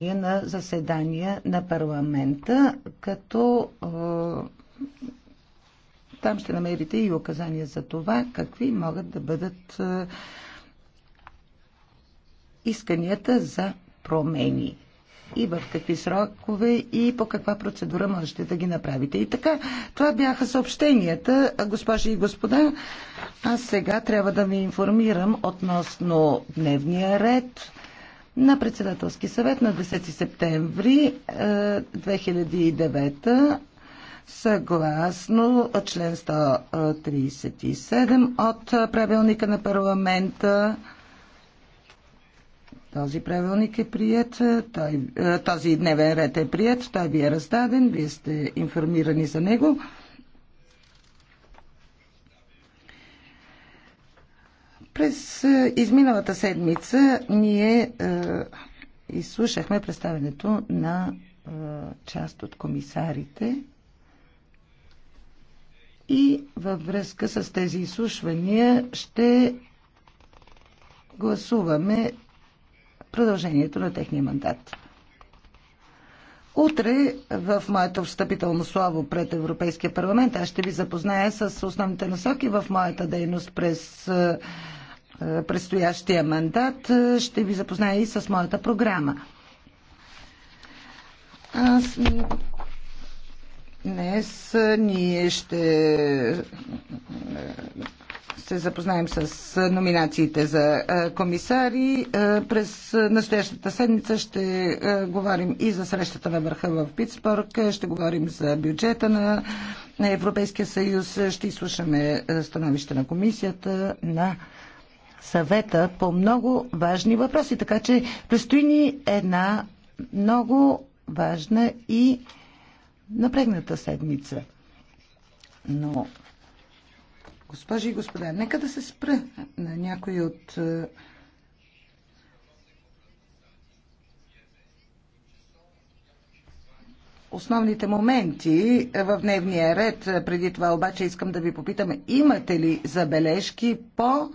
на заседания на парламента, като е, там ще намерите и указания за това, какви могат да бъдат е, исканията за промени и в какви срокове и по каква процедура можете да ги направите. И така, това бяха съобщенията, госпожи и господа. Аз сега трябва да ви информирам относно дневния ред на председателски съвет на 10 септември 2009 е, съгласно член 137 от правилника на парламента. Този правилник е прият, е, този дневен ред е прият, той ви е раздаден, вие сте информирани за него. През е, изминалата седмица ние е, изслушахме представенето на е, част от комисарите и във връзка с тези изслушвания ще гласуваме продължението на техния мандат. Утре в моето встъпително слово пред Европейския парламент аз ще ви запозная с основните насоки в моята дейност през е, предстоящия мандат. Е, ще ви запозная и с моята програма. Аз... Днес е, ние ще се запознаем с номинациите за комисари. През настоящата седмица ще говорим и за срещата на върха в Питсбург, ще говорим за бюджета на Европейския съюз, ще изслушаме становище на комисията на съвета по много важни въпроси. Така че предстои ни една много важна и напрегната седмица. Но, госпожи и господа, нека да се спра на някои от е, основните моменти в дневния ред. Преди това обаче искам да ви попитам, имате ли забележки по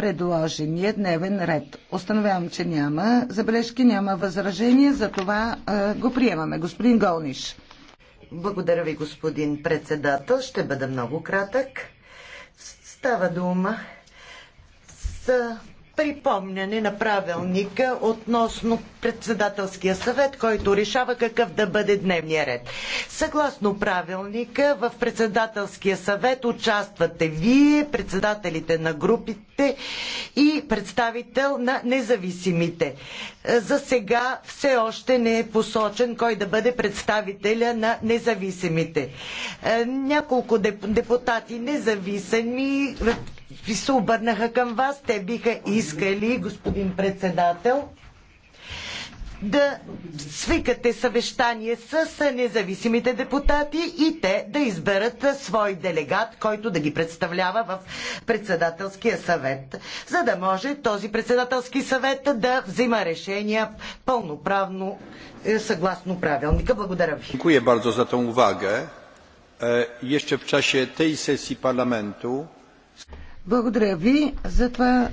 предложения дневен ред. Остановявам, че няма забележки, няма възражения, за това го приемаме. Господин Голниш. Благодаря ви, господин председател. Ще бъда много кратък. Става дума за припомняне на правилника относно председателския съвет, който решава какъв да бъде дневния ред. Съгласно правилника, в председателския съвет участвате вие, председателите на групите и представител на независимите. За сега все още не е посочен кой да бъде представителя на независимите. Е, няколко депутати независими се обърнаха към вас. Те биха искали, господин председател, да свикате съвещание с независимите депутати и те да изберат свой делегат, който да ги представлява в председателския съвет, за да може този председателски съвет да взима решения пълноправно е, съгласно правилника. Благодаря ви. Dziękuję bardzo за tą uwagę. Е, jeszcze w czasie благодаря ви за това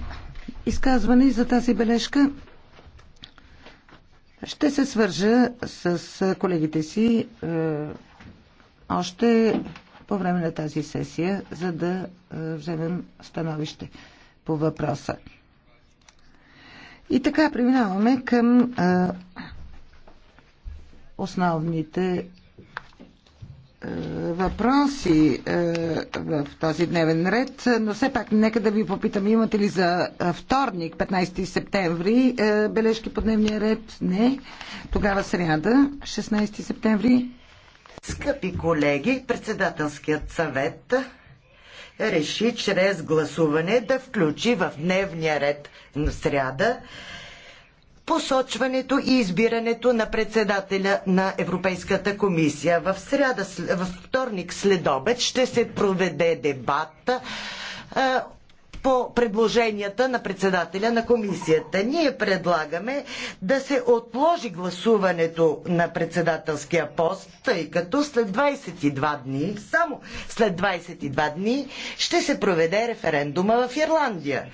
изказване и за тази бележка. Ще се свържа с колегите си е, още по време на тази сесия, за да е, вземем становище по въпроса. И така преминаваме към е, основните въпроси е, в този дневен ред, но все пак нека да ви попитам, имате ли за е, вторник, 15 септември, е, бележки по дневния ред? Не. Тогава сряда, 16 септември. Скъпи колеги, председателският съвет реши чрез гласуване да включи в дневния ред на сряда посочването и избирането на председателя на Европейската комисия. В сряда, във вторник след обед ще се проведе дебат по предложенията на председателя на комисията. Ние предлагаме да се отложи гласуването на председателския пост, тъй като след 22 дни, само след 22 дни, ще се проведе референдума в Ирландия.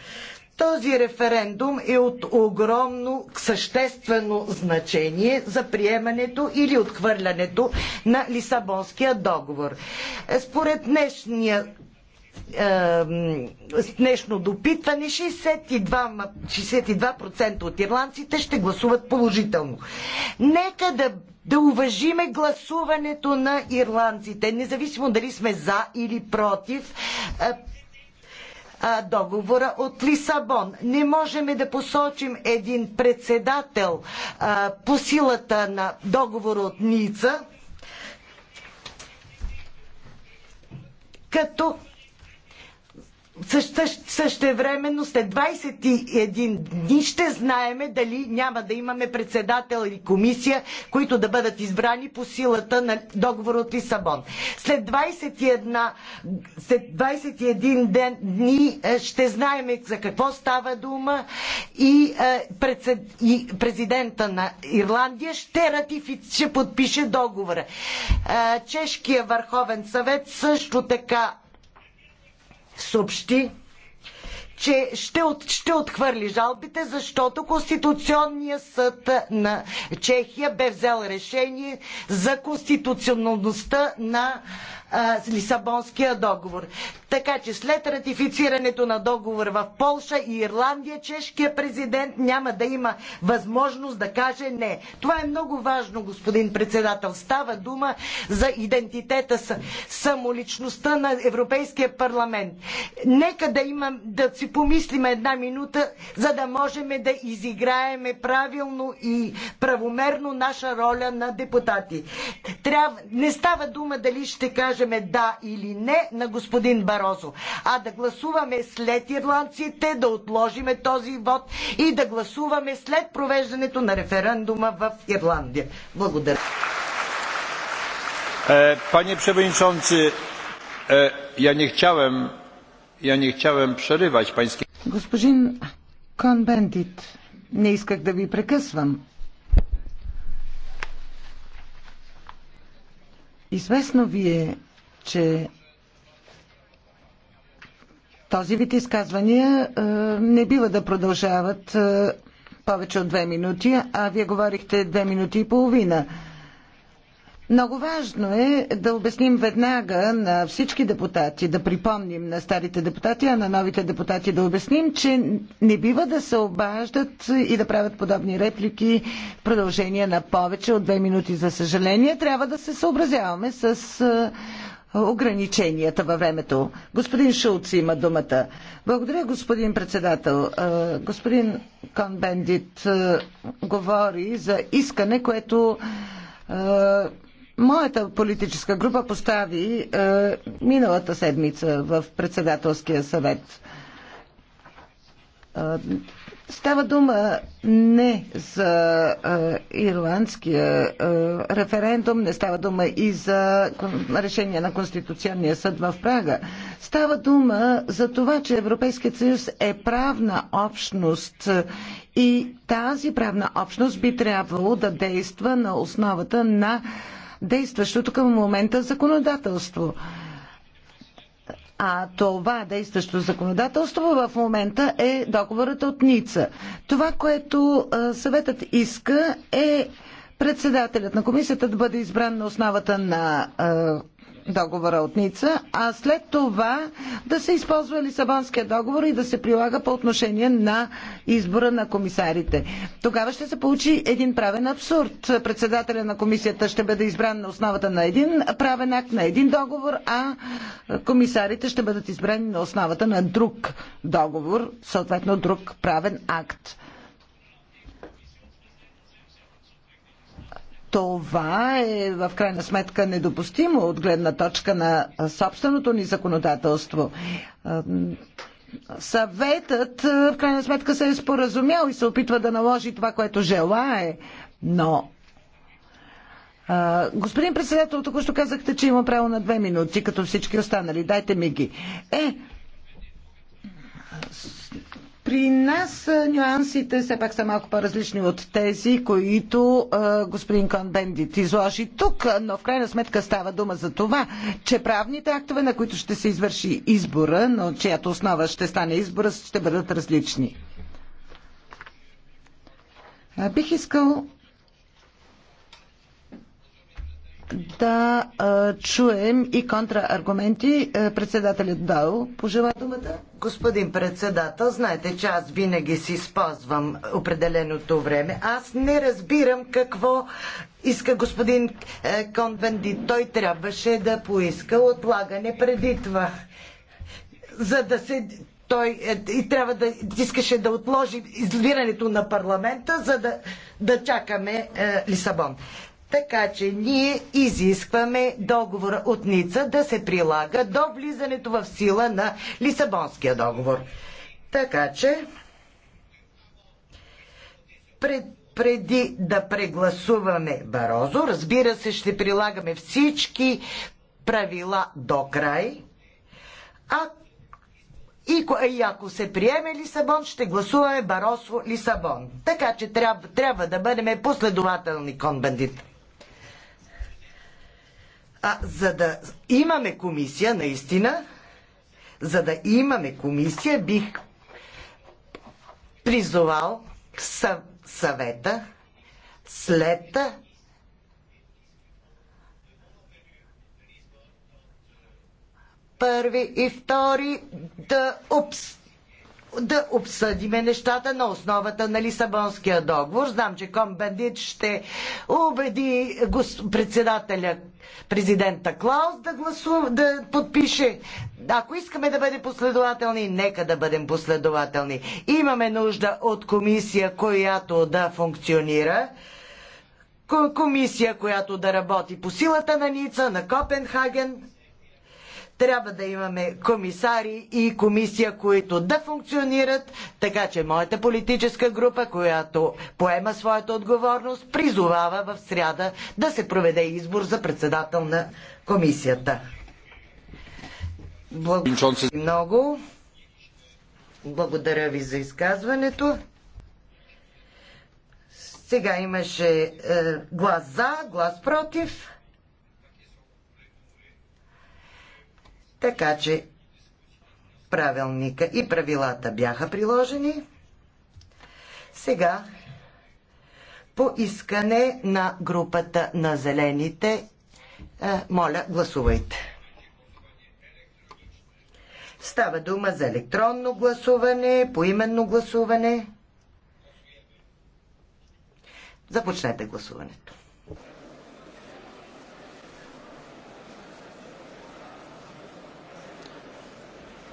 Този референдум е от огромно съществено значение за приемането или отхвърлянето на Лисабонския договор. Според днешния е, с днешно допитване 62%, 62 от ирландците ще гласуват положително. Нека да, да уважиме гласуването на ирландците, независимо дали сме за или против е, договора от Лисабон. Не можем да посочим един председател по силата на договора от Ница, като същевременно след 21 дни ще знаеме дали няма да имаме председател или комисия, които да бъдат избрани по силата на договор от Лисабон. След 21, след 21 ден, дни е, ще знаем за какво става дума и, е, и президента на Ирландия ще, ще подпише договора. Е, Чешкия върховен съвет също така съобщи че ще, от, ще отхвърли жалбите, защото Конституционният съд на Чехия бе взел решение за конституционността на Лисабонския договор. Така че след ратифицирането на договор в Полша и Ирландия, чешкият президент няма да има възможност да каже не. Това е много важно, господин председател. Става дума за идентитета, самоличността на Европейския парламент. Нека да, имам, да си си помислим една минута, за да можем да изиграеме правилно и правомерно наша роля на депутати. Трябва, не става дума дали ще кажем да или не на господин Барозо, а да гласуваме след ирландците, да отложиме този вод и да гласуваме след провеждането на референдума в Ирландия. Благодаря. Panie przewodniczący, ja nie chciałem я не chciałem przerywać Господин Конбендит, не исках да ви прекъсвам. Известно ви е, че този вид изказвания е, не бива да продължават е, повече от две минути, а вие говорихте две минути и половина. Много важно е да обясним веднага на всички депутати, да припомним на старите депутати, а на новите депутати да обясним, че не бива да се обаждат и да правят подобни реплики в продължение на повече от две минути. За съжаление, трябва да се съобразяваме с ограниченията във времето. Господин Шулц има думата. Благодаря, господин председател. Господин Конбендит говори за искане, което Моята политическа група постави е, миналата седмица в председателския съвет. Е, става дума не за е, ирландския е, референдум, не става дума и за е, решение на Конституционния съд в Прага. Става дума за това, че Европейският съюз е правна общност е, и тази правна общност би трябвало да действа на основата на действащото към момента законодателство. А това действащо законодателство в момента е договорът от Ница. Това, което съветът иска е председателят на комисията да бъде избран на основата на договора от Ница, а след това да се използва Лисабонския договор и да се прилага по отношение на избора на комисарите. Тогава ще се получи един правен абсурд. Председателя на комисията ще бъде избран на основата на един правен акт, на един договор, а комисарите ще бъдат избрани на основата на друг договор, съответно друг правен акт. Това е в крайна сметка недопустимо от гледна точка на собственото ни законодателство. Съветът в крайна сметка се е споразумял и се опитва да наложи това, което желае, но господин председател, току-що казахте, че има право на две минути, като всички останали. Дайте ми ги. Е, при нас нюансите все пак са малко по-различни от тези, които а, господин Кон Бендит изложи тук, но в крайна сметка става дума за това, че правните актове, на които ще се извърши избора, но чиято основа ще стане избора, ще бъдат различни. А, бих искал да чуем и контрааргументи. Е, председателят Дал пожела думата. Господин председател, знаете, че аз винаги си спазвам определеното време. Аз не разбирам какво иска господин е, Конвенди. Той трябваше да поиска отлагане преди това. За да се той е, и трябва да искаше да отложи избирането на парламента, за да, да чакаме е, Лисабон. Така че ние изискваме договора от Ница да се прилага до влизането в сила на Лисабонския договор. Така че пред преди да прегласуваме Барозо. Разбира се, ще прилагаме всички правила до край. А и, и ако се приеме Лисабон, ще гласуваме Баросо Лисабон. Така че трябва, трябва да бъдем последователни, конбандит. А за да имаме комисия, наистина, за да имаме комисия, бих призовал съвета след първи и втори да обс да обсъдиме нещата на основата на Лисабонския договор. Знам, че Комбендит ще убеди председателя президента Клаус да, гласува, да подпише. Ако искаме да бъдем последователни, нека да бъдем последователни. Имаме нужда от комисия, която да функционира комисия, която да работи по силата на Ница, на Копенхаген, трябва да имаме комисари и комисия, които да функционират, така че моята политическа група, която поема своята отговорност, призовава в сряда да се проведе избор за председател на комисията. Благодаря ви много. Благодаря ви за изказването. Сега имаше е, глас за, глас против. Така че правилника и правилата бяха приложени. Сега по искане на групата на зелените, е, моля, гласувайте. Става дума за електронно гласуване, поименно гласуване. Започнете гласуването.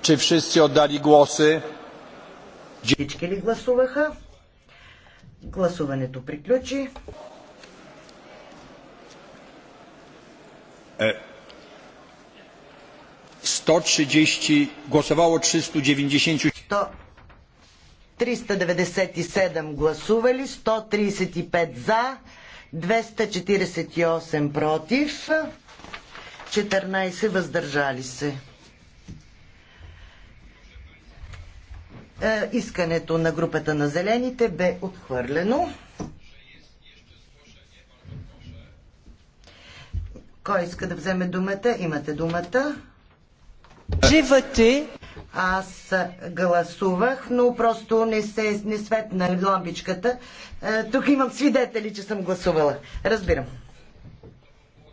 Czy wszyscy oddali głosy? Всички ли гласуваха? Гласуването приключи. E. 130 głosowało 390. 197 397 гласували, 135 за, 248 против, 14 въздържали се. Е, искането на групата на зелените бе отхвърлено. Кой иска да вземе думата? Имате думата. Живате. Аз гласувах, но просто не се не светна лампичката. Е, тук имам свидетели, че съм гласувала. Разбирам.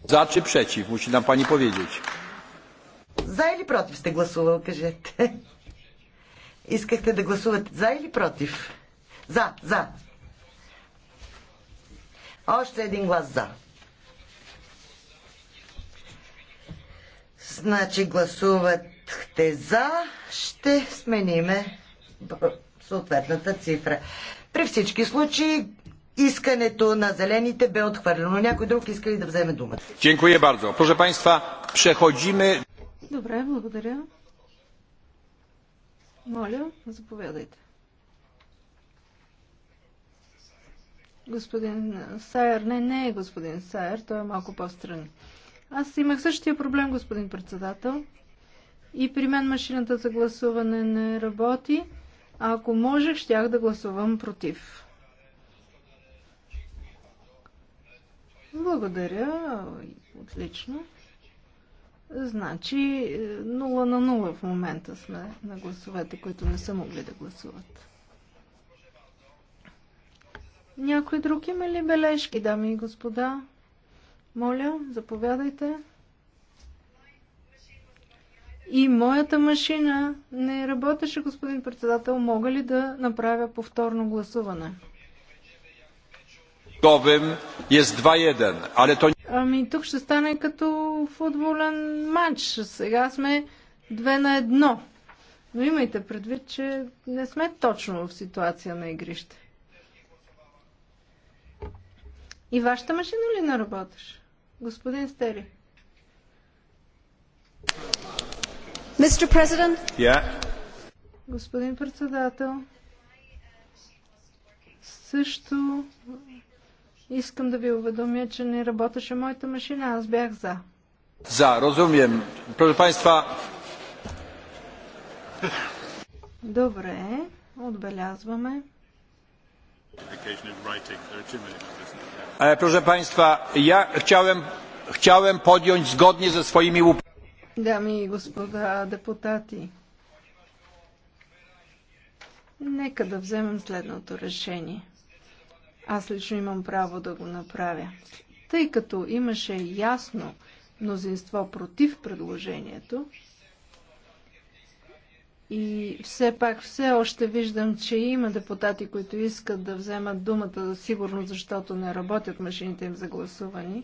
За чи przeciw, musi nam пани powiedzieć. За или против сте гласувал, кажете. Искахте да гласувате за или против? За, за. Още един глас за. Значи гласувахте за, ще смениме съответната цифра. При всички случаи искането на зелените бе отхвърлено. Някой друг иска ли да вземе думата? Добре, благодаря. Моля, заповядайте. Господин Сайер, не, не е господин Сайер, той е малко по-страни. Аз имах същия проблем, господин председател. И при мен машината за гласуване не работи. А ако можех, щях да гласувам против. Благодаря. Отлично. Значи 0 е, на 0 в момента сме на гласовете, които не са могли да гласуват. Някой друг има ли бележки, дами и господа? Моля, заповядайте. И моята машина не работеше, господин председател. Мога ли да направя повторно гласуване? Jest 2-1, але то Ами тук ще стане като футболен матч. Сега сме две на едно. Но имайте предвид, че не сме точно в ситуация на игрище. И вашата машина ли не работиш? Господин Стери. Мистер президент, Да. Господин председател, също Искам да ви уведомя, че не работеше моята машина, аз бях за. За, разумiem. Proszę Państwa... Добре, отбелязваме. Proszę е, Państwa, ja chciałem, chciałem podjąć zgodnie ze swoimi Дами и господа депутати, нека да вземем следното решение. Аз лично имам право да го направя. Тъй като имаше ясно мнозинство против предложението, и все пак все още виждам, че има депутати, които искат да вземат думата, сигурно защото не работят машините им за гласуване.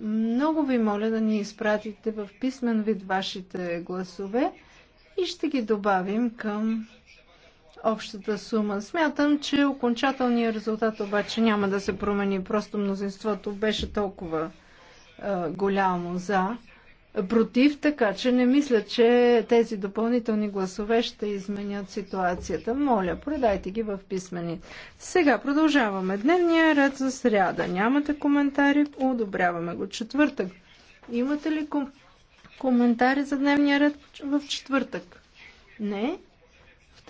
Много ви моля да ни изпратите в писмен вид вашите гласове и ще ги добавим към общата сума. Смятам, че окончателният резултат обаче няма да се промени. Просто мнозинството беше толкова а, е, голямо за против, така че не мисля, че тези допълнителни гласове ще изменят ситуацията. Моля, продайте ги в писмени. Сега продължаваме. Дневния ред за сряда. Нямате коментари, одобряваме го. Четвъртък. Имате ли ком... коментари за дневния ред в четвъртък? Не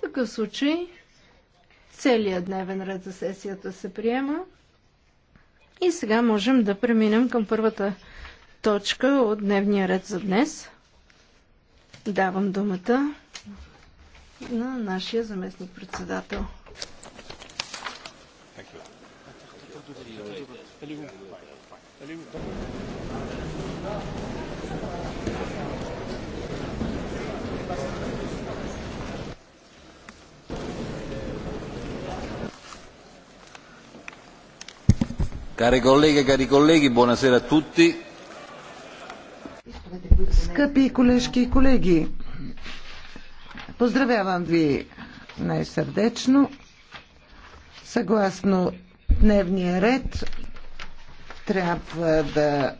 такъв случай целият дневен ред за сесията се приема. И сега можем да преминем към първата точка от дневния ред за днес. Давам думата на нашия заместник-председател. Thank you. Care colleghe e cari colleghi, buonasera a tutti. Скъпи колежки и колеги, поздравявам ви най-сърдечно. Съгласно дневния ред, трябва да